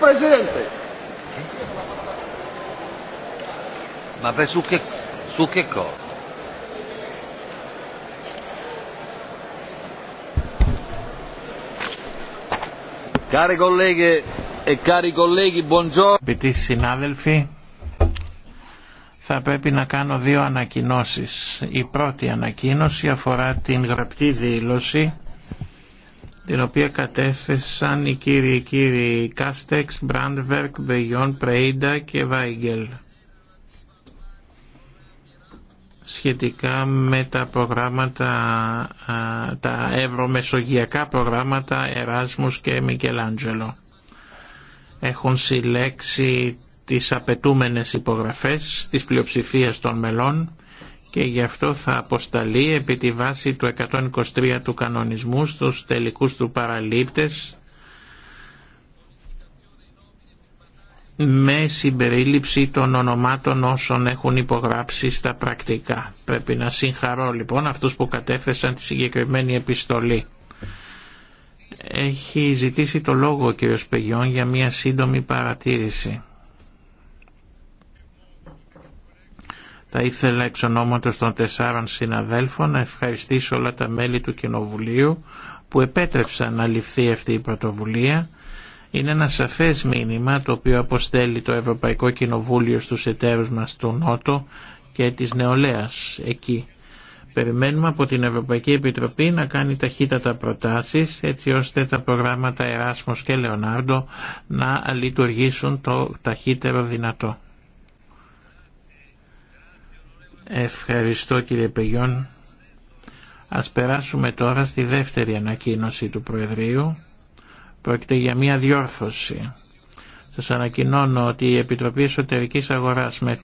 Presidente. E Πρόεδρε, συνάδελφοι, θα πρέπει να κάνω δύο ανακοινώσεις. Η πρώτη ανακοίνωση αφορά την γραπτή δήλωση την οποία κατέθεσαν οι κύριοι κύριοι Κάστεξ, Μπραντβερκ, Μπεγιόν, Πρέιντα και Βάιγκελ σχετικά με τα προγράμματα, τα ευρωμεσογειακά προγράμματα Εράσμους και Μικελάντζελο. Έχουν συλλέξει τις απαιτούμενες υπογραφές της πλειοψηφίας των μελών και γι' αυτό θα αποσταλεί επί τη βάση του 123 του κανονισμού στους τελικούς του παραλήπτες με συμπερίληψη των ονομάτων όσων έχουν υπογράψει στα πρακτικά. Πρέπει να συγχαρώ λοιπόν αυτούς που κατέθεσαν τη συγκεκριμένη επιστολή. Έχει ζητήσει το λόγο ο κ. Πεγιών για μια σύντομη παρατήρηση. Θα ήθελα εξ ονόματος των τεσσάρων συναδέλφων να ευχαριστήσω όλα τα μέλη του Κοινοβουλίου που επέτρεψαν να ληφθεί αυτή η πρωτοβουλία. Είναι ένα σαφές μήνυμα το οποίο αποστέλει το Ευρωπαϊκό Κοινοβούλιο στους εταίρους μας του Νότο και της νεολαίας εκεί. Περιμένουμε από την Ευρωπαϊκή Επιτροπή να κάνει ταχύτατα προτάσεις έτσι ώστε τα προγράμματα Εράσμος και Λεωνάρντο να λειτουργήσουν το ταχύτερο δυνατό. Ευχαριστώ κύριε Πεγιόν. Ας περάσουμε τώρα στη δεύτερη ανακοίνωση του Προεδρείου. Πρόκειται για μια διόρθωση. Σας ανακοινώνω ότι η Επιτροπή Εσωτερικής Αγοράς με